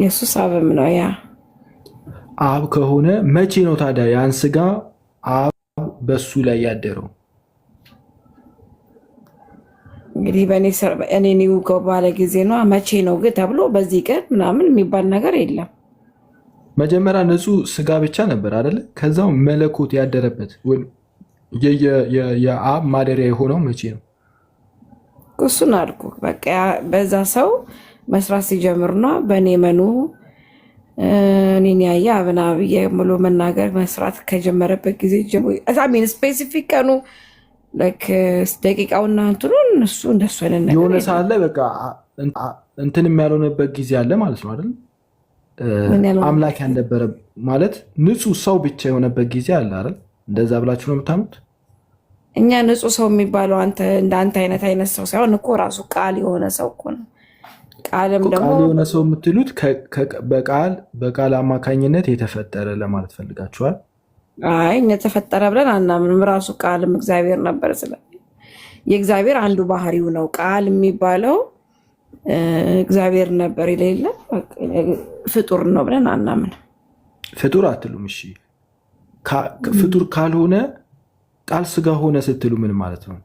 ኢየሱስ አብም ነው። ያ አብ ከሆነ መቼ ነው ታዲያ ያን ስጋ አብ በሱ ላይ ያደረው? እንግዲህ በእኔ ው ባለ ጊዜ ነው። መቼ ነው ግን ተብሎ በዚህ ቀን ምናምን የሚባል ነገር የለም። መጀመሪያ ንጹህ ስጋ ብቻ ነበር አደለ? ከዛው መለኮት ያደረበት የአብ ማደሪያ የሆነው መቼ ነው? እሱን አልኩህ። በቃ በዛ ሰው መስራት ሲጀምርና በእኔ መኑ እኔን ያየ አብና ብዬ ብሎ መናገር መስራት ከጀመረበት ጊዜ ጀሚን ስፔሲፊክ ቀኑ ደቂቃውና እንትኑን እሱ እንደሱ የሆነ ሰዓት ላይ በቃ እንትን የሚያልሆነበት ጊዜ አለ ማለት ነው አይደል? አምላክ ያልነበረ ማለት ንጹህ ሰው ብቻ የሆነበት ጊዜ አለ አይደል? እንደዛ ብላችሁ ነው የምታምኑት? እኛ ንጹህ ሰው የሚባለው እንደ አንተ አይነት አይነት ሰው ሳይሆን እኮ ራሱ ቃል የሆነ ሰው እኮ ነው ቃልም ደግሞ የሆነ ሰው የምትሉት በቃል በቃል አማካኝነት የተፈጠረ ለማለት ፈልጋችኋል? አይ የተፈጠረ ብለን አናምንም። ራሱ ቃልም እግዚአብሔር ነበር። ስለ የእግዚአብሔር አንዱ ባህሪው ነው ቃል የሚባለው እግዚአብሔር ነበር የሌለ ፍጡር ነው ብለን አናምንም። ፍጡር አትሉም? እሺ ፍጡር ካልሆነ ቃል ስጋ ሆነ ስትሉ ምን ማለት ነው?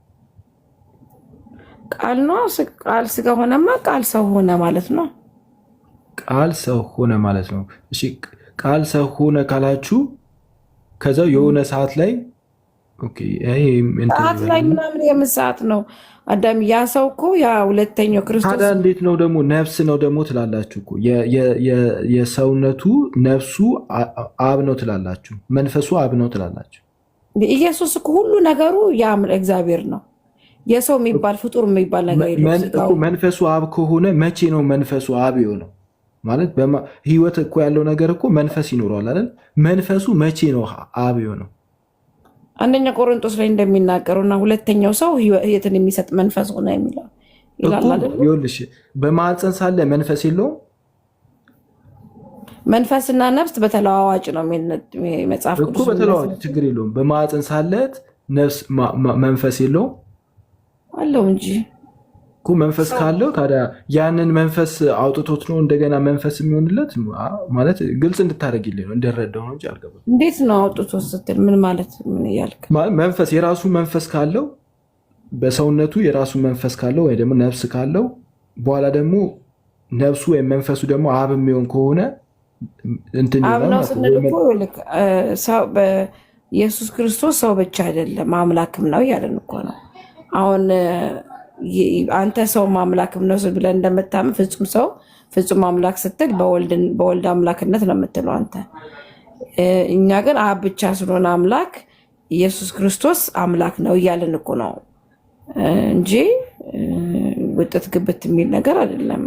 ቃል ነው። ቃል ስጋ ሆነማ ቃል ሰው ሆነ ማለት ነው። ቃል ሰው ሆነ ማለት ነው። እሺ ቃል ሰው ሆነ ካላችሁ ከዛው የሆነ ሰዓት ላይ ሰዓት ላይ ምናምን የምን ሰዓት ነው አዳም? ያ ሰው እኮ ያ ሁለተኛው ክርስቶስ ታዲያ እንዴት ነው ደግሞ ነፍስ ነው ደግሞ ትላላችሁ እኮ የሰውነቱ ነፍሱ አብ ነው ትላላችሁ፣ መንፈሱ አብ ነው ትላላችሁ። ኢየሱስ እኮ ሁሉ ነገሩ ያ እግዚአብሔር ነው። የሰው የሚባል ፍጡር የሚባል ነገር መንፈሱ አብ ከሆነ መቼ ነው መንፈሱ አብ የሆነው? ማለት ህይወት እኮ ያለው ነገር እኮ መንፈስ ይኖረዋል አይደል? መንፈሱ መቼ ነው አብ የሆነው? አንደኛ ቆሮንቶስ ላይ እንደሚናገረው እና ሁለተኛው ሰው ህይወትን የሚሰጥ መንፈስ ሆነ የሚለው ይኸውልሽ፣ በማህፀን ሳለ መንፈስ የለውም። መንፈስና ነፍስ በተለዋዋጭ ነው መጽሐፍ እኮ በተለዋዋጭ ችግር የለውም። በማህፀን ሳለት ነፍስ መንፈስ የለውም። አለው እንጂ እኮ መንፈስ ካለው ታዲያ ያንን መንፈስ አውጥቶት ነው እንደገና መንፈስ የሚሆንለት ማለት ግልጽ እንድታደረግልኝ ነው እንደረዳሁ ነው እንጂ አልገባም። እንዴት ነው አውጥቶት ስትል ምን ማለት ምን እያልክ? መንፈስ የራሱ መንፈስ ካለው በሰውነቱ የራሱ መንፈስ ካለው ወይ ደግሞ ነፍስ ካለው በኋላ ደግሞ ነፍሱ ወይም መንፈሱ ደግሞ አብ የሚሆን ከሆነ ኢየሱስ ክርስቶስ ሰው ብቻ አይደለም አምላክም ነው እያለን እኮ ነው አሁን አንተ ሰው ማምላክ ነው ብለን እንደምታምን ፍጹም ሰው ፍጹም አምላክ ስትል በወልድ አምላክነት ነው የምትለው አንተ። እኛ ግን አብ ብቻ ስለሆነ አምላክ ኢየሱስ ክርስቶስ አምላክ ነው እያልን እኮ ነው እንጂ ውጥት ግብት የሚል ነገር አይደለም።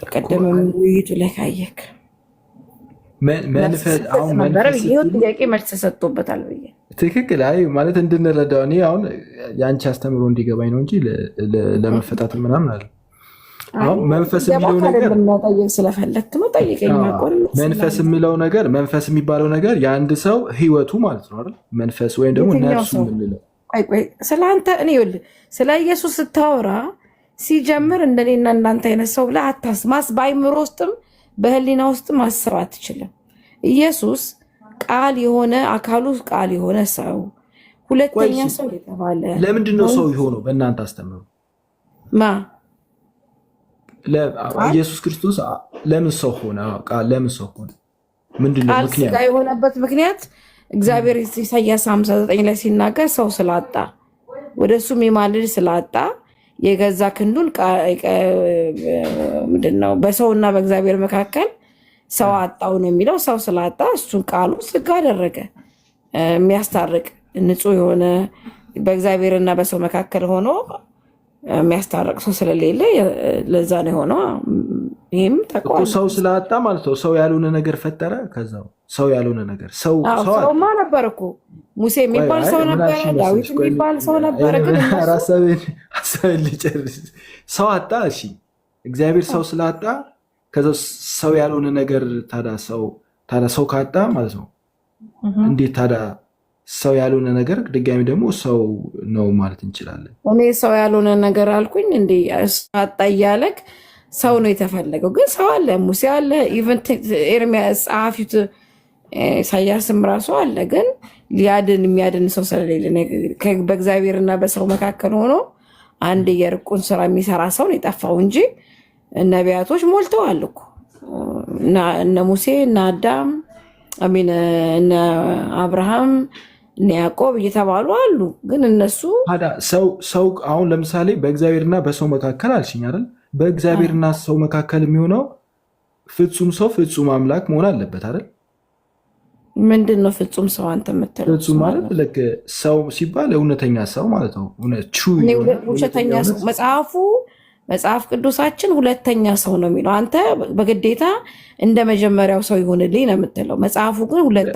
በቀደም ውይይቱ ላይ ካየክ መንፈስ ጥያቄ መልስ ተሰጥቶበታል ብዬ ትክክል። አይ ማለት እንድንረዳው እኔ አሁን የአንቺ አስተምሮ እንዲገባኝ ነው እንጂ ለመፈታት ምናምን አለ መንፈስ የሚለው ነገር መንፈስ የሚባለው ነገር የአንድ ሰው ህይወቱ ማለት ነው አይደል? መንፈስ ወይም ደግሞ ነፍሱ የምንለው ስለ አንተ እኔ ይኸውልህ፣ ስለ ኢየሱስ ስታወራ ሲጀምር እንደኔና እናንተ አይነት ሰው ብለህ አታስማስ። በአይምሮ ውስጥም በህሊና ውስጥም ማሰብ አትችልም። ኢየሱስ ቃል የሆነ አካሉ ቃል የሆነ ሰው ሁለተኛ ሰው የተባለ ለምንድን ነው ሰው የሆነው? በእናንተ አስተምሩ ማ ኢየሱስ ክርስቶስ ለምን ሰው ሆነ? ቃል ለምን ሰው ሆነ? ምንድን ነው ምክንያት? ቃል የሆነበት ምክንያት እግዚአብሔር ኢሳያስ 59 ላይ ሲናገር ሰው ስላጣ ወደ እሱም የማልድ ስላጣ የገዛ ክንዱን ምንድን ነው በሰውና በእግዚአብሔር መካከል ሰው አጣው ነው የሚለው። ሰው ስላጣ እሱን ቃሉ ስጋ አደረገ። የሚያስታርቅ ንጹህ የሆነ በእግዚአብሔርና በሰው መካከል ሆኖ የሚያስታርቅ ሰው ስለሌለ ለዛ ነው የሆነ። ይህም ጠቋል። ሰው ስላጣ ማለት ነው። ሰው ያልሆነ ነገር ፈጠረ። ከዛው ሰው ያልሆነ ነገር ሰውማ ነበር እኮ ሙሴ የሚባል ሰው ነበረ፣ ዳዊት የሚባል ሰው ነበረ። ግን ሀሳቤን ልጨርስ። ሰው አጣ። እሺ እግዚአብሔር ሰው ስላጣ ከዛ ሰው ያልሆነ ነገር ታዳ ሰው ሰው ካጣ ማለት ነው እንዴት ታዳ ሰው ያልሆነ ነገር ድጋሚ ደግሞ ሰው ነው ማለት እንችላለን። እኔ ሰው ያልሆነ ነገር አልኩኝ እንዴ አጣ እያለክ ሰው ነው የተፈለገው፣ ግን ሰው አለ፣ ሙሴ አለ፣ ኢቨን ኤርሚያስ ጸሐፊት ኢሳያስም ራሱ አለ። ግን ሊያድን የሚያድን ሰው ስለሌለ በእግዚአብሔርና በሰው መካከል ሆኖ አንድ የርቁን ስራ የሚሰራ ሰው ነው የጠፋው እንጂ ነቢያቶች ሞልተዋል እኮ እነ ሙሴ እነ አዳም አሚን እነ አብርሃም እነ ያዕቆብ እየተባሉ አሉ። ግን እነሱ ሰው አሁን ለምሳሌ በእግዚአብሔርና በሰው መካከል አልሽኝ አይደል? በእግዚአብሔርና ሰው መካከል የሚሆነው ፍጹም ሰው ፍጹም አምላክ መሆን አለበት አይደል? ምንድን ነው ፍጹም ሰው አንተ የምትለው? ፍጹም ማለት ልክ ሰው ሲባል እውነተኛ ሰው ማለት ነው። ውሸተኛ ሰው መጽሐፉ መጽሐፍ ቅዱሳችን ሁለተኛ ሰው ነው የሚለው። አንተ በግዴታ እንደ መጀመሪያው ሰው ይሆንልኝ ነው የምትለው። መጽሐፉ ግን ሁለት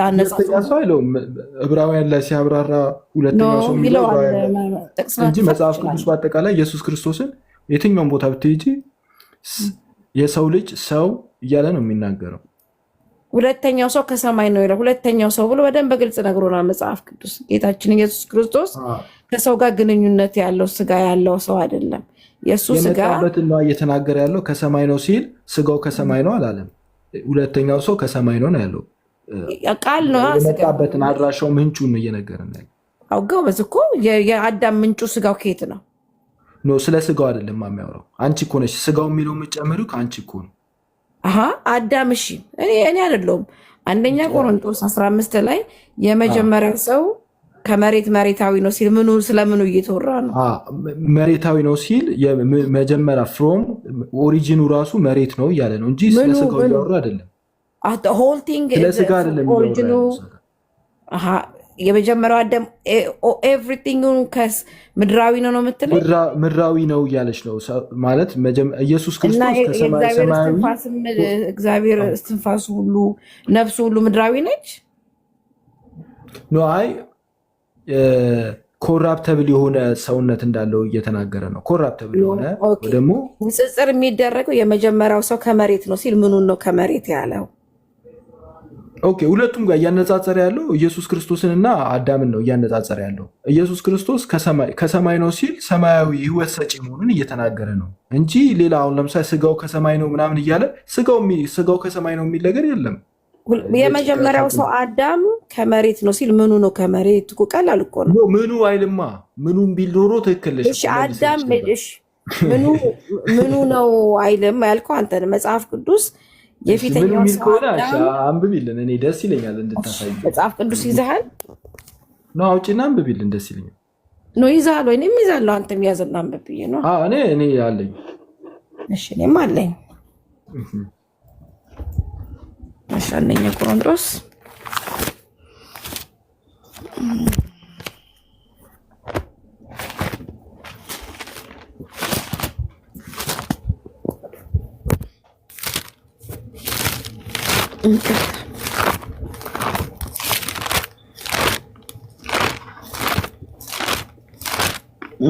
ዕብራውያን ላይ ሲያብራራ ሁለተኛ ሰው የሚለው እንጂ መጽሐፍ ቅዱስ በአጠቃላይ ኢየሱስ ክርስቶስን የትኛውን ቦታ ብትሄጂ የሰው ልጅ ሰው እያለ ነው የሚናገረው። ሁለተኛው ሰው ከሰማይ ነው ይላል። ሁለተኛው ሰው ብሎ በደንብ በግልጽ ነግሮናል መጽሐፍ ቅዱስ ጌታችን ኢየሱስ ክርስቶስ ከሰው ጋር ግንኙነት ያለው ስጋ ያለው ሰው አይደለም። የእሱ ስጋ ነው እየተናገረ ያለው ከሰማይ ነው ሲል ስጋው ከሰማይ ነው አላለም። ሁለተኛው ሰው ከሰማይ ነው ያለው ቃል ነው። የመጣበትን አድራሻው ምንጩን ነው እየነገረን ያለው። አዎ ጎበዝ እኮ የአዳም ምንጩ ስጋው ከየት ነው? ኖ ስለ ስጋው አይደለም የሚያወራው። አንቺ እኮ ነሽ ስጋው የሚለው የምጨምሪው ከአንቺ እኮ ነው። አሀ አዳም እሺ፣ እኔ አይደለሁም። አንደኛ ቆሮንቶስ 15 ላይ የመጀመሪያ ሰው ከመሬት መሬታዊ ነው ሲል ምኑ ስለምኑ እየተወራ ነው? መሬታዊ ነው ሲል መጀመሪያ ፍሮም ኦሪጂኑ ራሱ መሬት ነው እያለ ነው እንጂ ስለስጋው እያወራ አይደለም። ሆልቲንግ ስለስጋ አይደለም። የመጀመሪያው አደም ኤቭሪቲንግ ምድራዊ ነው ነው የምትለው? ምድራዊ ነው እያለች ነው ማለት ኢየሱስ ክርስቶስ እግዚአብሔር እስትንፋሱ ሁሉ ነፍሱ ሁሉ ምድራዊ ነች። አይ ኮራፕተብል የሆነ ሰውነት እንዳለው እየተናገረ ነው። ኮራፕተብል የሆነ ደግሞ ንጽጽር የሚደረገው የመጀመሪያው ሰው ከመሬት ነው ሲል ምኑን ነው ከመሬት ያለው? ኦኬ ሁለቱም ጋር እያነጻጸረ ያለው ኢየሱስ እና አዳምን ነው እያነጻጸረ ያለው። ኢየሱስ ክርስቶስ ከሰማይ ነው ሲል ሰማያዊ ሕይወት ሰጪ መሆኑን እየተናገረ ነው እንጂ ሌላ አሁን ለምሳሌ ስጋው ከሰማይ ነው ምናምን እያለ ስጋው ከሰማይ ነው የሚል ነገር የለም። የመጀመሪያው ሰው አዳም ከመሬት ነው ሲል ምኑ ነው ከመሬት? እኮ ቀላል እኮ ነው። ምኑ አይልማ ምኑም ቢል ኖሮ ትክክል ነሽ። አዳም ምኑ ነው አይልም ያልከው አንተ መጽሐፍ ቅዱስ የፊተኛው አንብቢልን። እኔ ደስ ይለኛል እንድታሳይ መጽሐፍ ቅዱስ ይዘሃል ነው አውጭና አንብቢልን። ደስ ይለኛል ነው ይዛል ወይ እኔም ይዛለሁ። አንተም ያዘና አንብብዬ ነው እኔ እኔ አለኝ እሺ እኔም አለኝ አንደኛ ቆሮንጦስ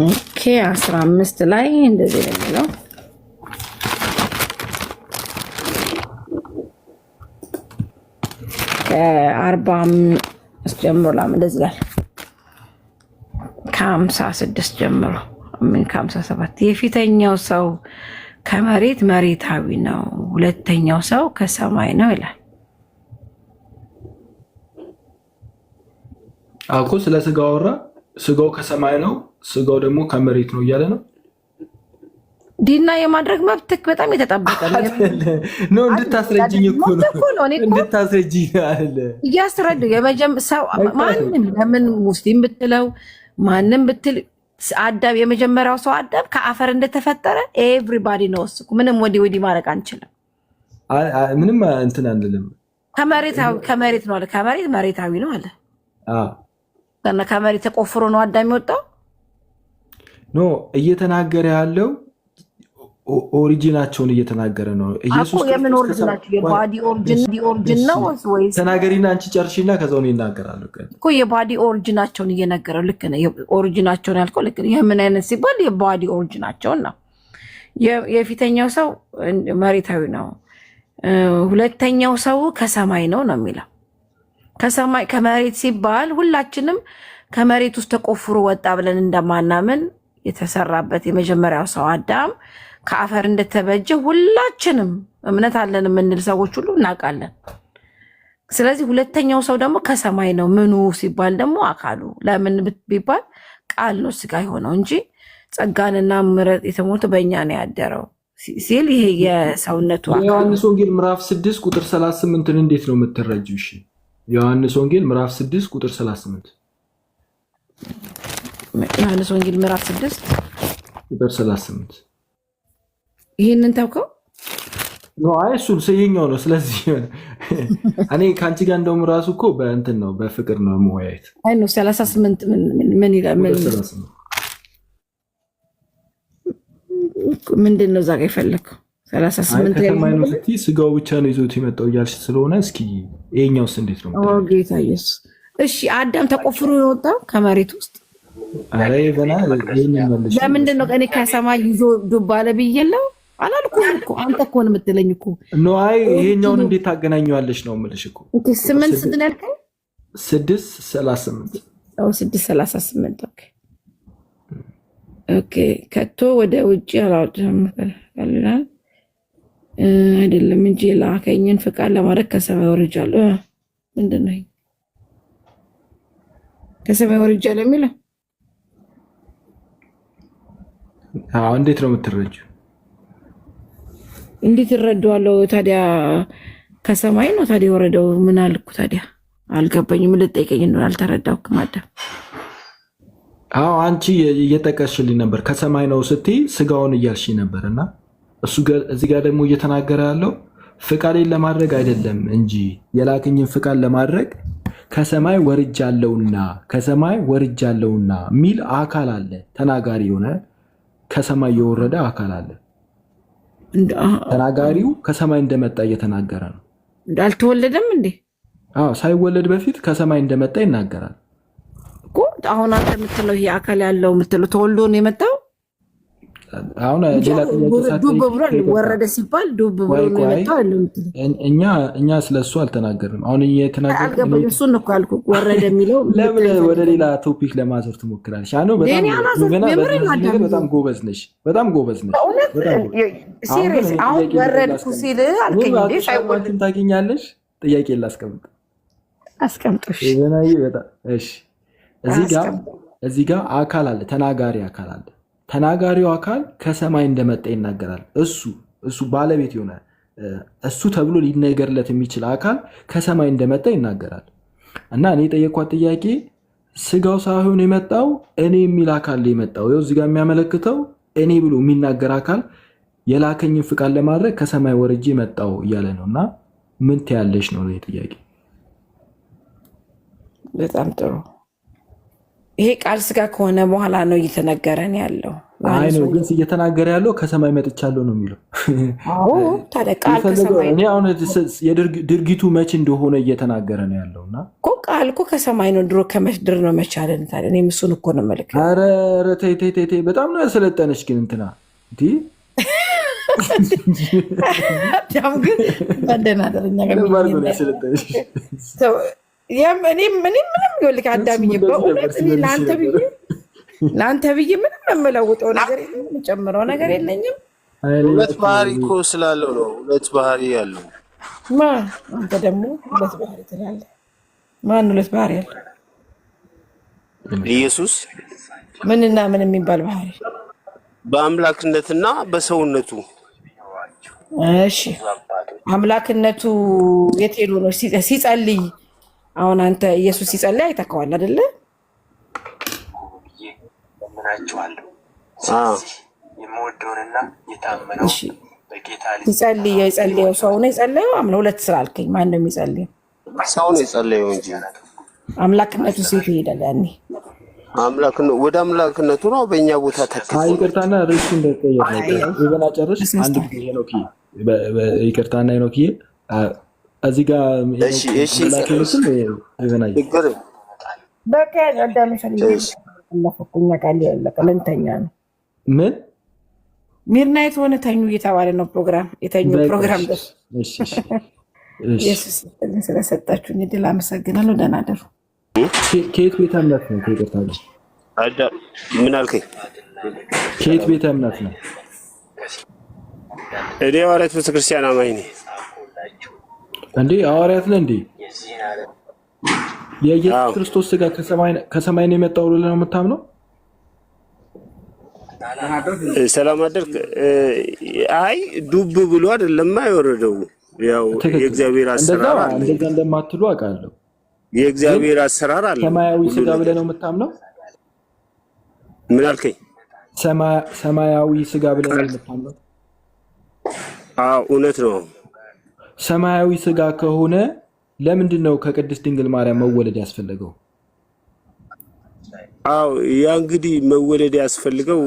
ኦኬ አስራ አምስት ላይ እንደዚህ ነው የሚለው ከአርባ ጀምሮ ላም እንደዚህ ይላል። ስድስት ጀምሮ ምን ሰባት የፊተኛው ሰው ከመሬት መሬታዊ ነው፣ ሁለተኛው ሰው ከሰማይ ነው ይላል። አልኩ ስለ ስጋ አወራ። ስጋው ከሰማይ ነው፣ ስጋው ደግሞ ከመሬት ነው እያለ ነው ዲና የማድረግ መብት በጣም የተጠበቀ ነው። እንድታስረጅኝ እኮ ነው እንድታስረጅኝ አለ እያስረዱ ሰው ማንም ለምን ሙስሊም ብትለው ማንም ብትል አዳም የመጀመሪያው ሰው አዳም ከአፈር እንደተፈጠረ ኤቭሪባዲ ነው። እሱ ምንም ወዲህ ወዲህ ማድረግ አንችልም። ምንም እንትን አንልም። ከመሬት ነው አለ ከመሬት መሬታዊ ነው አለ ከመሬት ተቆፍሮ ነው አዳም የወጣው ኖ እየተናገረ ያለው ኦሪጂናቸውን እየተናገረ ነው። የምን ኦሪጂናቸው? የባዲ ኦሪጂን ነው ወይስ? ተናገሪና አንቺ ጨርሽና ከዛው ነው ይናገራሉ እኮ የባዲ ኦሪጂናቸውን እየነገረው ልክ ነው። ኦሪጂናቸውን ያልከው ልክ ነው። የምን አይነት ሲባል የባዲ ኦሪጂናቸውን ነው። የፊተኛው ሰው መሬታዊ ነው፣ ሁለተኛው ሰው ከሰማይ ነው ነው የሚለው ከሰማይ ከመሬት ሲባል ሁላችንም ከመሬት ውስጥ ተቆፍሮ ወጣ ብለን እንደማናምን የተሰራበት የመጀመሪያው ሰው አዳም ከአፈር እንደተበጀ ሁላችንም እምነት አለን የምንል ሰዎች ሁሉ እናውቃለን። ስለዚህ ሁለተኛው ሰው ደግሞ ከሰማይ ነው። ምኑ ሲባል ደግሞ አካሉ ለምን ቢባል ቃል ነው ስጋ የሆነው እንጂ ጸጋንና ምረጥ የተሞተ በእኛ ነው ያደረው ሲል ይሄ የሰውነቱ ዮሐንስ ወንጌል ምዕራፍ 6 ቁጥር 38 እንዴት ነው የምትረጂው? እሺ ዮሐንስ ወንጌል ምዕራፍ 6 ቁጥር 38 ዮሐንስ ወንጌል ምዕራፍ 6 ቁጥር 38 ይሄንን ተውከው አይ እሱ ስይኛው ነው። ስለዚህ እኔ ከአንቺ ጋር እንደውም ራሱ እኮ በእንትን ነው በፍቅር ነው መወያየት። አይ ነው ሰላሳ ስምንት ምን ምንድን ነው እዛ ጋ የፈለግከው? ሰላሳ ስምንት ከተማይ ነው ዩኒቨርሲቲ ስጋው ብቻ ነው ይዞት የመጣው እያልሽ ስለሆነ እስኪ ይሄኛውስ እንዴት ነው? ጌታ ኢየሱስ። እሺ አዳም ተቆፍሮ የወጣው ከመሬት ውስጥ ለምንድን ነው? እኔ ከሰማይ ይዞ ዱብ አለ ብዬ አላልኩም እኮ አንተ እኮ ነው የምትለኝ እኮ ነዋይ። ይሄኛውን እንዴት ታገናኘዋለች ነው የምልሽ እኮ። ስምንት ስንት ነው ያልከኝ? ስድስት ሰላሳ ስምንት ስድስት ሰላሳ ስምንት ኦኬ። ከቶ ወደ ውጭ አላወጣም አይደለም እንጂ ላከኝን ፍቃድ ለማድረግ ከሰማይ ወርጃለሁ። ምንድን ነው ከሰማይ ወርጃለሁ የሚለው? እንዴት ነው የምትረጁ? እንዴት እረዳዋለሁ ታዲያ? ከሰማይ ነው ታዲያ የወረደው? ምን አልኩ ታዲያ? አልገባኝም። ልጠይቀኝ እንደሆነ አልተረዳሁም። አዳም አዎ፣ አንቺ እየጠቀስሽልኝ ነበር። ከሰማይ ነው ስትይ ስጋውን እያልሽኝ ነበር እና እሱ እዚህ ጋር ደግሞ እየተናገረ ያለው ፍቃዴን ለማድረግ አይደለም እንጂ የላክኝን ፍቃድ ለማድረግ ከሰማይ ወርጃለሁና ከሰማይ ወርጃለሁና የሚል አካል አለ። ተናጋሪ የሆነ ከሰማይ የወረደ አካል አለ። ተናጋሪው ከሰማይ እንደመጣ እየተናገረ ነው። እንዳልተወለደም እንዴ? አዎ ሳይወለድ በፊት ከሰማይ እንደመጣ ይናገራል አሁን አንተ የምትለው ይሄ አካል ያለው የምትለው ተወልዶ ነው የመጣው አሁን ሌላ ጥያቄ ወረደ ሲባል ዱብ ብሎ እኛ እኛ ስለ እሱ አልተናገርም። አሁን የተናገርኩት እሱን ነው ወረደ የሚለው ለምን ወደ ሌላ ቶፒክ ለማዞር ትሞክራለሽ? አኖ በጣም ጎበዝ ነሽ፣ በጣም ጎበዝ ነሽ። አሁን ወረድኩ ሲል ታገኛለሽ። ጥያቄ ላስቀምጥ አስቀምጦሽ እዚህ ጋር አካል አለ፣ ተናጋሪ አካል አለ ተናጋሪው አካል ከሰማይ እንደመጣ ይናገራል። እሱ እሱ ባለቤት የሆነ እሱ ተብሎ ሊነገርለት የሚችል አካል ከሰማይ እንደመጣ ይናገራል። እና እኔ የጠየኳት ጥያቄ ስጋው ሳይሆን የመጣው እኔ የሚል አካል የመጣው ይኸው እዚህ የሚያመለክተው እኔ ብሎ የሚናገር አካል የላከኝን ፍቃድ ለማድረግ ከሰማይ ወርጄ መጣው እያለ ነው። እና ምን ትያለሽ ነው ጥያቄ። በጣም ጥሩ ይሄ ቃል ስጋ ከሆነ በኋላ ነው እየተነገረን ያለው። አይ ነው ግን እየተናገረ ያለው ከሰማይ መጥቻለሁ ነው የሚለው። እኔ አሁን ድርጊቱ መቼ እንደሆነ እየተናገረ ነው ያለው እና እኮ ቃል እኮ ከሰማይ ነው ድሮ ከመድር ነው መቻለን ታዲያ እኔም እሱን እኮ ነው መልክ። ኧረ ተይ ተይ ተይ፣ በጣም ነው ያሰለጠነች ግን እንትና እንዲህ ግን እኔም ምንም ይወልክ አዳምዬ በእውነት ለአንተ ብዬ ለአንተ ብዬ ምንም የምለውጠው ነገር የለም፣ የምጨምረው ነገር የለኝም። ሁለት ባህሪ እኮ ስላለው ነው። ሁለት ባህሪ ያለው ማ አንተ ደግሞ ሁለት ባህሪ ትላለህ። ማን ሁለት ባህሪ ያለው? ኢየሱስ ምንና ምን የሚባል ባህሪ? በአምላክነትና በሰውነቱ። እሺ አምላክነቱ የት ሄዶ ነው ሲጸልይ አሁን አንተ ኢየሱስ ሲጸልይ አይተከዋል አይደለ? እምናችኋለሁ ስለዚህ የታመነው በጌታ ሰው ነው የጸለየው። አምነ ሁለት ስራ አልከኝ። ማን ነው የሚጸልየው? ሰው ነው የጸለየው እንጂ አምላክነቱ ሴት ይሄዳል። ያኔ አምላክ ወደ አምላክነቱ ነው በእኛ ቦታ ተካ። ይቅርታና ርሱ እንደጠየቀ ይበና ጨርሽ አንድ ጊዜ ነው ይቅርታና ነው እዚህ ጋር ምን ሚድናይት ሆነ ተኙ እየተባለ ነው ፕሮግራም የተኙ ፕሮግራም ኢየሱስ እድል አመሰግናለሁ። ደህና ደሩ። ከየት ቤተ እምነት ነው? ይቅርታ ምን አልከኝ? ከየት ቤተ እምነት ነው? እኔ ማለት ቤተክርስቲያን አማኝ ነኝ። እንዴ ሐዋርያት ነህ እንዴ? የኢየሱስ ክርስቶስ ስጋ ከሰማይ ነው የመጣው ብለህ ነው የምታምነው? ሰላም አደርክ። አይ ዱብ ብሎ አይደለም የወረደው። ያው የእግዚአብሔር አሰራር አለ። እንደዛ እንደማትሉ አውቃለሁ። የእግዚአብሔር አሰራር አለ። ሰማያዊ ስጋ ብለህ ነው የምታምነው? ምን አልከኝ? ሰማያዊ ስጋ ብለህ ነው የምታምነው? አዎ እውነት ነው። ሰማያዊ ስጋ ከሆነ ለምንድን ነው ከቅድስት ድንግል ማርያም መወለድ ያስፈልገው? አው ያ እንግዲህ መወለድ ያስፈልገው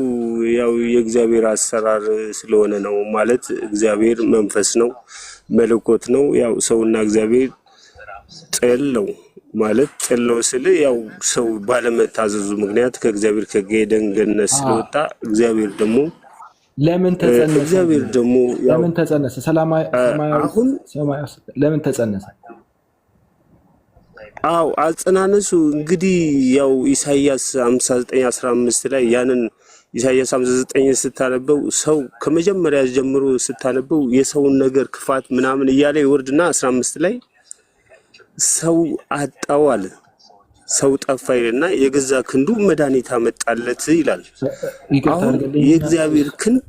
ያው የእግዚአብሔር አሰራር ስለሆነ ነው። ማለት እግዚአብሔር መንፈስ ነው፣ መለኮት ነው። ያው ሰውና እግዚአብሔር ጥል ነው ማለት ጥል ነው ስል ያው ሰው ባለመታዘዙ ምክንያት ከእግዚአብሔር ከገደንገነት ስለወጣ እግዚአብሔር ደግሞ ለምን ተጸነሰ? እግዚአብሔር ደግሞ ለምን ተጸነሰ? ሰማያዊ ለምን ተጸነሰ? አው አጸናነሱ እንግዲህ ያው ኢሳያስ 59:15 ላይ ያንን ኢሳያስ 59 ስታነበው ሰው ከመጀመሪያ ጀምሮ ስታነበው የሰውን ነገር ክፋት ምናምን እያለ ይወርድና 15 ላይ ሰው አጣው አለ። ሰው ጠፋ ይልና የገዛ ክንዱ መድኃኒት አመጣለት ይላል። አሁን የእግዚአብሔር ክንድ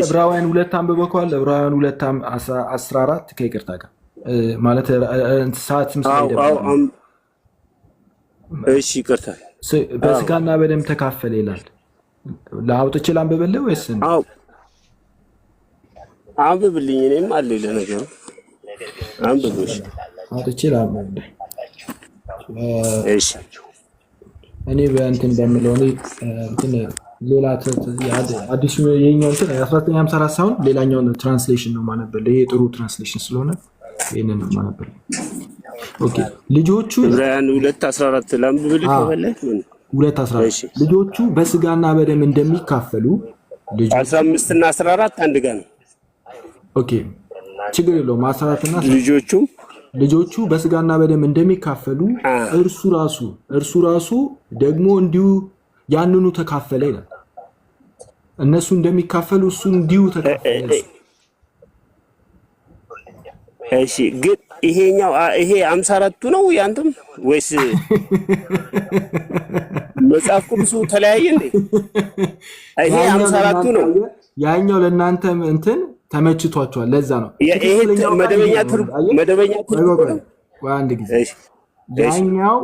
ዕብራውያን ሁለት አንብበከዋል። ዕብራውያን ሁለት አስራ አራት ከይቅርታ ጋር ማለት ሰዓት እሺ ይቅርታ በስጋና በደም ተካፈለ ይላል። ለአውጥቼ ላንብብልህ ወይስ አንብብልኝ? እኔም አለ ለነገሩ አንብብ አውጥቼ ላንብብልህ እኔ በእንትን በምለው ሌላ አዲሱ የኛው እንትን 1954 ሳይሆን ሌላኛው ትራንስሌሽን ነው ማነበል። ይሄ ጥሩ ትራንስሌሽን ስለሆነ ይህንን ነው ማነበል። ልጆቹ ልጆቹ በስጋና በደም እንደሚካፈሉ አስራ አምስትና አስራ አራት አንድ ጋር ነው። ችግር የለውም። አስራ አራትና ልጆቹም ልጆቹ በስጋና በደም እንደሚካፈሉ እርሱ ራሱ እርሱ ራሱ ደግሞ እንዲሁ ያንኑ ተካፈለ ይላል። እነሱ እንደሚካፈሉ እሱ እንዲሁ ተካፈለ። እሺ ግን ይሄኛው ይሄ አምሳ አራቱ ነው ያንተም ወይስ መጽሐፍ ቅዱሱ ተለያየ ይሄ አምሳ አራቱ ነው ያኛው ለእናንተ እንትን ተመችቷቸዋል። ለዛ ነው አንድ ጊዜ ያኛው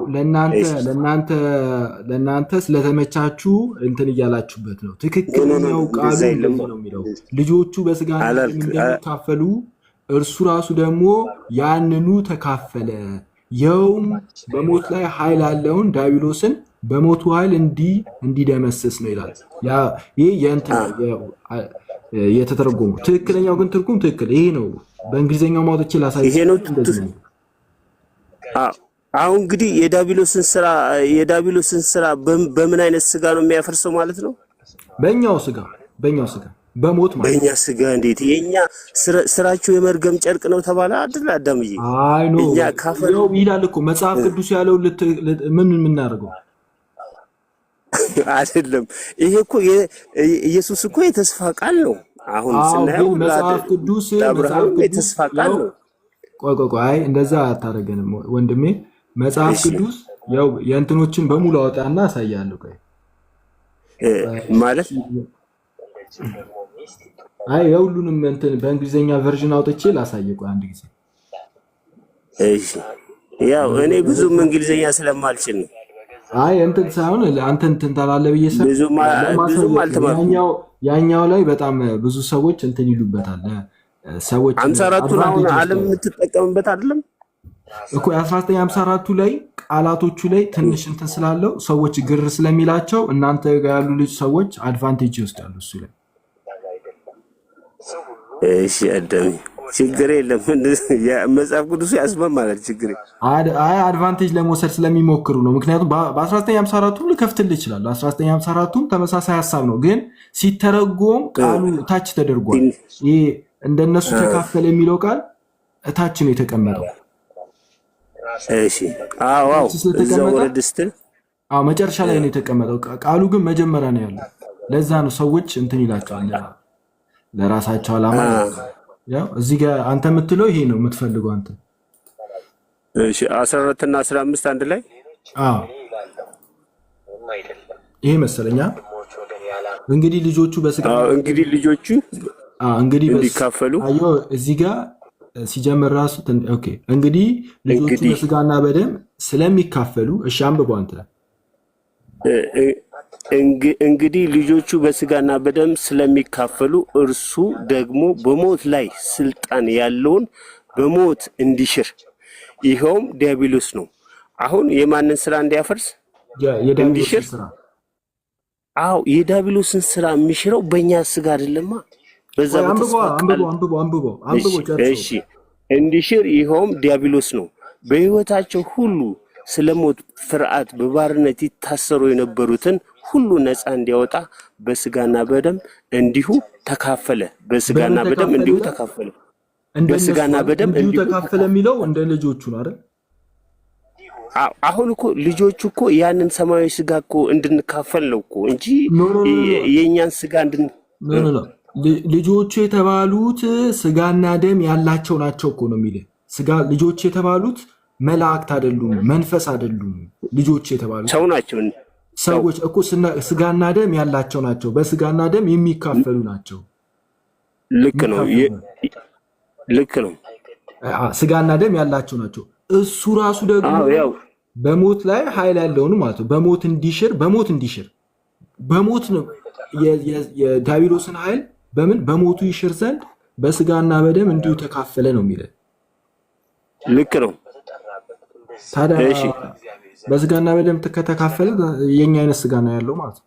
ለእናንተ ስለተመቻችሁ እንትን እያላችሁበት ነው። ትክክለኛው ቃሉ ነው የሚለው ልጆቹ በስጋ እንደሚካፈሉ እርሱ ራሱ ደግሞ ያንኑ ተካፈለ። የውም በሞት ላይ ኃይል አለውን ዳቢሎስን በሞቱ ኃይል እንዲደመስስ ነው ይላል። ይህ የተተረጎሙ ትክክለኛው ግን ትርጉም ትክክል ይሄ ነው። በእንግሊዝኛው ማውጥቼ ላሳይ ይሄ ነው። አሁን እንግዲህ የዳቢሎስን ስራ የዳቢሎስን ስራ በምን አይነት ስጋ ነው የሚያፈርሰው ማለት ነው? በእኛው ስጋ በእኛው ስጋ በሞት ማለት በእኛ ስጋ። እንዴት የኛ ስራችሁ የመርገም ጨርቅ ነው ተባለ አይደል? አዳምዬ አይ ኖ ነው ይላል እኮ መጽሐፍ ቅዱስ ያለው ምን የምናደርገው አይደለም። ይሄ እኮ ኢየሱስ እኮ የተስፋ ቃል ነው። አሁን ስናየው መጽሐፍ ቅዱስ ለአብርሃም የተስፋ ቃል ነው። ቆይ ቆይ ቆይ፣ አይ እንደዛ አታደርገንም ወንድሜ። መጽሐፍ ቅዱስ ያው የእንትኖችን በሙሉ አወጣና አሳያለሁ። ቆይ ማለት አይ የሁሉንም እንትን በእንግሊዝኛ ቨርዥን አውጥቼ ላሳየቁ አንድ ጊዜ። እሺ ያው እኔ ብዙም እንግሊዝኛ ስለማልችል ነው አይ እንትን ሳይሆን አንተ እንትን ታላለህ ብዬ ያኛው ላይ በጣም ብዙ ሰዎች እንትን ይሉበታል። ሰዎች ሀምሳ አራቱን አሁን አለም የምትጠቀምበት አይደለም እኮ የአስራ ዘጠኝ ሀምሳ አራቱ ላይ ቃላቶቹ ላይ ትንሽ እንትን ስላለው ሰዎች ግር ስለሚላቸው እናንተ ጋር ያሉ ልጅ ሰዎች አድቫንቴጅ ይወስዳሉ እሱ ላይ እሺ አዳሜ ችግር የለም። መጽሐፍ ቅዱስ ያስማማል። ችግር አድቫንቴጅ ለመውሰድ ስለሚሞክሩ ነው። ምክንያቱም በ1954ቱም ልከፍትልህ ይችላል። 1954ቱም ተመሳሳይ ሀሳብ ነው፣ ግን ሲተረጎም ቃሉ እታች ተደርጓል። ይህ እንደነሱ ተካፈል የሚለው ቃል እታች ነው የተቀመጠው። መጨረሻ ላይ ነው የተቀመጠው። ቃሉ ግን መጀመሪያ ነው ያለው። ለዛ ነው ሰዎች እንትን ይላቸዋል ለራሳቸው አላማ እዚህ ጋር አንተ የምትለው ይሄ ነው የምትፈልገው አንተ። እሺ 14 እና 15 አንድ ላይ አዎ፣ ይሄ መሰለኛ። እንግዲህ ልጆቹ በስጋ እንግዲህ ልጆቹ እንግዲህ እንዲካፈሉ አየሁ። እዚህ ጋር ሲጀምር ራሱ ኦኬ። እንግዲህ ልጆቹ በስጋና በደም ስለሚካፈሉ እሺ፣ አንብቦ አንተ እንግዲህ ልጆቹ በስጋና በደም ስለሚካፈሉ እርሱ ደግሞ በሞት ላይ ስልጣን ያለውን በሞት እንዲሽር ይኸውም ዲያብሎስ ነው። አሁን የማንን ስራ እንዲያፈርስ እንዲሽር? አዎ የዲያብሎስን ስራ የሚሽረው በእኛ ስጋ አይደለማ። በዛ እሺ፣ እንዲሽር ይኸውም ዲያብሎስ ነው። በህይወታቸው ሁሉ ስለ ሞት ፍርሃት በባርነት ይታሰሩ የነበሩትን ሁሉ ነፃ እንዲያወጣ በስጋና በደም እንዲሁ ተካፈለ። በስጋና በደም እንዲሁ ተካፈለ። በስጋና በደም እንዲሁ ተካፈለ የሚለው እንደ ልጆቹ ነው አይደል? አሁን እኮ ልጆቹ እኮ ያንን ሰማያዊ ስጋ እኮ እንድንካፈል ነው እኮ እንጂ የእኛን ስጋ እንድን ልጆቹ የተባሉት ስጋና ደም ያላቸው ናቸው እኮ ነው የሚል ስጋ ልጆች የተባሉት መላእክት አይደሉም፣ መንፈስ አይደሉም። ልጆች የተባሉት ሰው ናቸው። ሰዎች እኮ ስጋና ደም ያላቸው ናቸው። በስጋና ደም የሚካፈሉ ናቸው። ልክ ነው፣ ልክ ነው። ስጋና ደም ያላቸው ናቸው። እሱ ራሱ ደግሞ በሞት ላይ ኃይል ያለውን ማለት ነው። በሞት እንዲሽር በሞት እንዲሽር በሞት ነው የዲያብሎስን ኃይል በምን በሞቱ ይሽር ዘንድ በስጋና በደም እንዲሁ ተካፈለ ነው የሚለን። ልክ ነው ታዲያ በስጋና በደም ከተካፈለ የኛ አይነት ስጋ ነው ያለው ማለት ነው።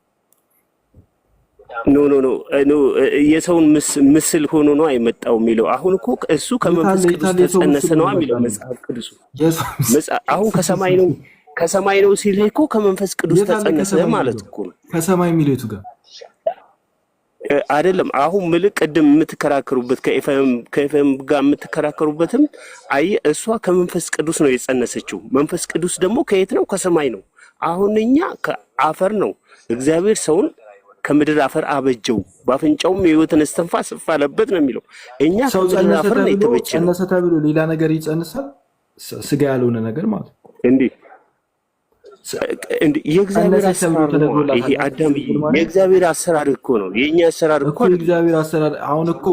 ኖ ኖ ኖ ኖ የሰውን ምስል ሆኖ ነው አይመጣው የሚለው። አሁን እኮ እሱ ከመንፈስ ቅዱስ ተጸነሰ ነው የሚለው መጽሐፍ ቅዱሱ። አሁን ከሰማይ ነው ከሰማይ ነው ሲልህ እኮ ከመንፈስ ቅዱስ ተጸነሰ ማለት እኮ ነው። ከሰማይ የሚለው የቱ ጋር አይደለም አሁን ምልክ ቅድም የምትከራከሩበት ከኤፍኤም ጋር የምትከራከሩበትም አይ እሷ ከመንፈስ ቅዱስ ነው የጸነሰችው። መንፈስ ቅዱስ ደግሞ ከየት ነው? ከሰማይ ነው። አሁን እኛ ከአፈር ነው። እግዚአብሔር ሰውን ከምድር አፈር አበጀው፣ በአፍንጫውም የሕይወትን እስትንፋስ አለበት ነው የሚለው። እኛ ከምድር አፈር ነው የተበጀ ነው። ጸነሰ ተብሎ ሌላ ነገር ይጸንሳል? ስጋ ያልሆነ ነገር ማለት እንዲህ የእግዚአብሔር አሰራር እኮ ነው። የእኛ አሰራር እኮ የእግዚአብሔር አሰራር አሁን እኮ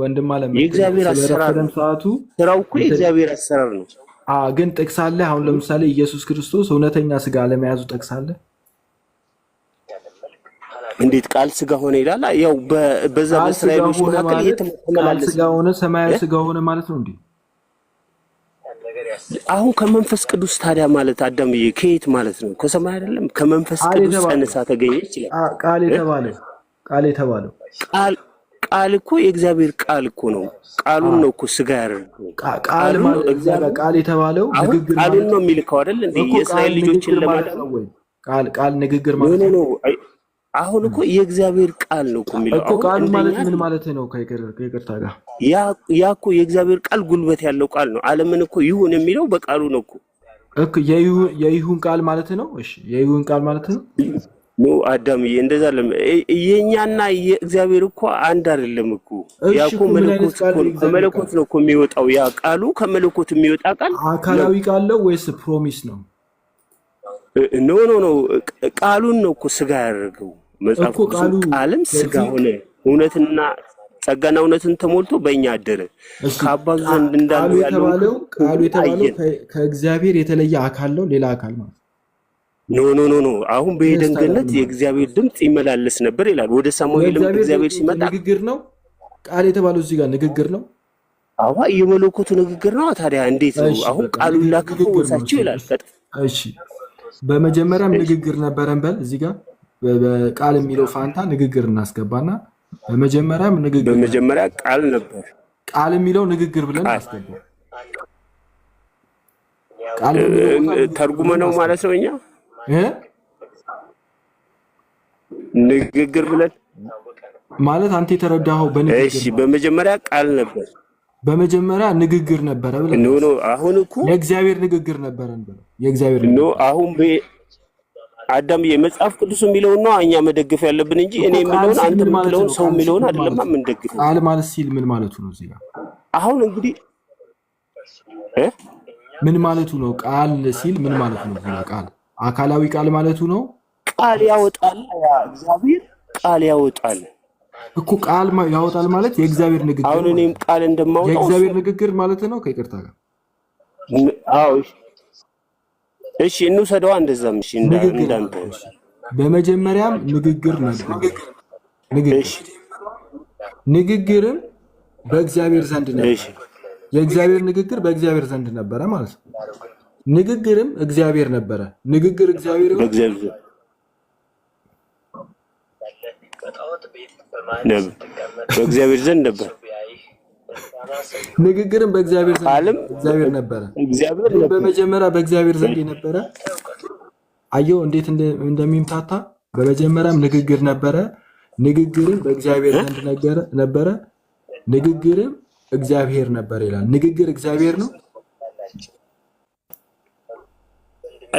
ወንድም አለ የእግዚአብሔር አሰራር ሰዓቱ ስራው እኮ የእግዚአብሔር አሰራር ነው። ግን ጠቅሳለ አሁን ለምሳሌ ኢየሱስ ክርስቶስ እውነተኛ ስጋ ለመያዙ ጠቅሳለ። እንዴት ቃል ስጋ ሆነ ይላል? ያው በዛ በእስራኤሎች መካከል ቃል ስጋ ሆነ ሰማያዊ ስጋ ሆነ ማለት ነው እንዴ? አሁን ከመንፈስ ቅዱስ ታዲያ ማለት አዳምዬ ከየት ማለት ነው? ከሰማይ አይደለም? ከመንፈስ ቅዱስ ጸንሳ ተገኘ ይችላል። ቃል የተባለው ቃል የተባለው ቃል ቃል እኮ የእግዚአብሔር ቃል እኮ ነው። ቃሉን ነው እኮ ስጋ ያደርገው ቃል ቃል የተባለው ቃሉን ነው የሚልከው አይደል? እንደ የእስራኤል ልጆችን ለማለት ቃል ቃል ንግግር ማለት ነው አሁን እኮ የእግዚአብሔር ቃል ነው የሚለው እኮ ቃል ማለት ምን ማለት ነው? ከይቅርታ ጋር ያ እኮ የእግዚአብሔር ቃል ጉልበት ያለው ቃል ነው። ዓለምን እኮ ይሁን የሚለው በቃሉ ነው እኮ እኮ የይሁን ቃል ማለት ነው። እሺ የይሁን ቃል ማለት ነው። ኖ አዳምዬ፣ እንደዛ ለም የኛና የእግዚአብሔር እኮ አንድ አይደለም እኮ ያ እኮ ከመለኮት ነው እኮ የሚወጣው ያ ቃሉ ከመለኮት የሚወጣ ቃል አካላዊ ቃል ነው ወይስ ፕሮሚስ ነው? ኖ ኖ ኖ ቃሉን ነው እኮ ስጋ ያደርገው? መጽሐፍ ቃልም ስጋ ሆነ እውነትና ጸጋና እውነትን ተሞልቶ በእኛ አደረ። ከአባቱ ዘንድ እንዳሉ ያለው ቃሉ የተባለው ከእግዚአብሔር የተለየ አካል ነው፣ ሌላ አካል ማለት ኖ ኖ ኖ ኖ። አሁን በኤደን ገነት የእግዚአብሔር ድምፅ ይመላለስ ነበር ይላል። ወደ ሳሙኤልም እግዚአብሔር ሲመጣ ንግግር ነው። ቃል የተባለው እዚህ ጋር ንግግር ነው። አዋ የመለኮቱ ንግግር ነው። ታዲያ እንዴት ነው አሁን ቃሉ ላክፈው ወሳቸው ይላል። እሺ በመጀመሪያም ንግግር ነበረን በል እዚህ ጋር በቃል የሚለው ፋንታ ንግግር እናስገባና በመጀመሪያም ንግግር በመጀመሪያ ቃል ነበር። ቃል የሚለው ንግግር ብለን እናስገባ። ተርጉመ ነው ማለት ነው። እኛ ንግግር ብለን ማለት አንተ የተረዳኸው በንግግር በመጀመሪያ ቃል ነበር። በመጀመሪያ ንግግር ነበረ ብለን አሁን እኮ የእግዚአብሔር ንግግር ነበረን ነበረ። የእግዚአብሔር ኖ አሁን አዳምዬ መጽሐፍ ቅዱስ የሚለውን ነው እኛ መደግፍ ያለብን እንጂ እኔ የሚለውን አንተ የምትለውን ሰው የሚለውን አይደለም የምንደግፈው። ቃል ማለት ሲል ምን ማለቱ ነው? እዚህ አሁን እንግዲህ ምን ማለቱ ነው? ቃል ሲል ምን ማለቱ ነው? ቃል አካላዊ ቃል ማለቱ ነው። ቃል ያወጣል፣ እግዚአብሔር ቃል ያወጣል እኮ ቃል ያወጣል ማለት የእግዚአብሔር ንግግር፣ አሁን እኔም ቃል እንደማወጣው የእግዚአብሔር ንግግር ማለት ነው። ከይቅርታ ጋር አዎ እሺ እንውሰደው እንደዛም። እሺ እንዳንተ በመጀመሪያም ንግግር ነበር። ንግግር ንግግርም በእግዚአብሔር ዘንድ ነበር። የእግዚአብሔር ንግግር በእግዚአብሔር ዘንድ ነበረ ማለት ነው። ንግግርም እግዚአብሔር ነበረ። ንግግር እግዚአብሔር በእግዚአብሔር ዘንድ ነበር። ንግግርም በእግዚአብሔር ዘንድ እግዚአብሔር ነበረ፣ በመጀመሪያ በእግዚአብሔር ዘንድ ነበረ። አየው እንዴት እንደሚምታታ። በመጀመሪያም ንግግር ነበረ፣ ንግግርም በእግዚአብሔር ዘንድ ነበረ፣ ንግግርም እግዚአብሔር ነበር ይላል። ንግግር እግዚአብሔር ነው።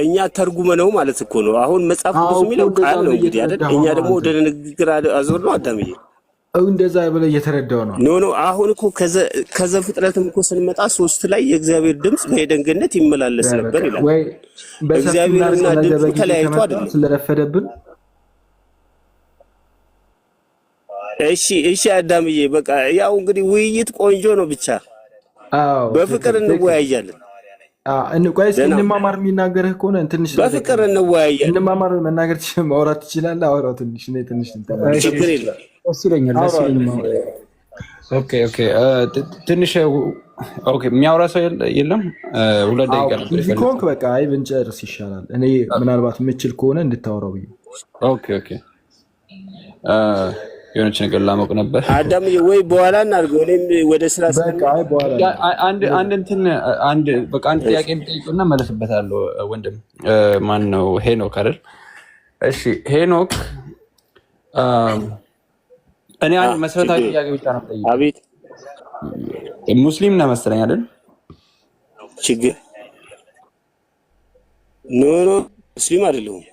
እኛ ተርጉመ ነው ማለት እኮ ነው። አሁን መጽሐፍ ቅዱስ የሚለው ቃል ነው እንግዲህ አይደል? እኛ ደግሞ ወደ ንግግር አዞር ነው አዳምዬ እንደዛ ብለህ እየተረዳው ነው። ኖ ኖ አሁን እኮ ከዘፍጥረትም እኮ ስንመጣ ሶስት ላይ የእግዚአብሔር ድምፅ በዔድን ገነት ይመላለስ ነበር ይላል። እግዚአብሔርና ድምፁ ተለያይቶ አይደለም ስለረፈደብን። እሺ እሺ፣ አዳምዬ በቃ ያው እንግዲህ ውይይት ቆንጆ ነው። ብቻ በፍቅር እንወያያለን። እንቆይስ እንማማር። የሚናገርህ ከሆነ ትንሽ በፍቅር እንወያያለን። እንማማር መናገር ማውራት ትችላለህ። አውራው ትንሽ ትንሽ ችግር የለም ደስ ይለኛል። ትንሽ የሚያወራ ሰው የለም። ሁለት ደቂቃ ከሆንክ በቃ አይ ብንጨርስ ይሻላል። እኔ ምናልባት የምችል ከሆነ እንድታወራው ብዬ የሆነች ነገር ላመቁ ነበር። አዳም ወይ በኋላ እናድርገው። እኔም ወደ ስራ አንድ እንትን አንድ በቃ አንድ ጥያቄ የሚጠይቁና መለስበታለሁ። ወንድም ማን ነው? ሄኖክ አይደል? እሺ ሄኖክ እኔ አንድ መሰረታዊ ጥያቄ ብቻ ነው የምጠይቀው። አቤት። ሙስሊም ነህ መሰለኝ አይደል? ችግር ኖ ኖ ሙስሊም አይደለሁም።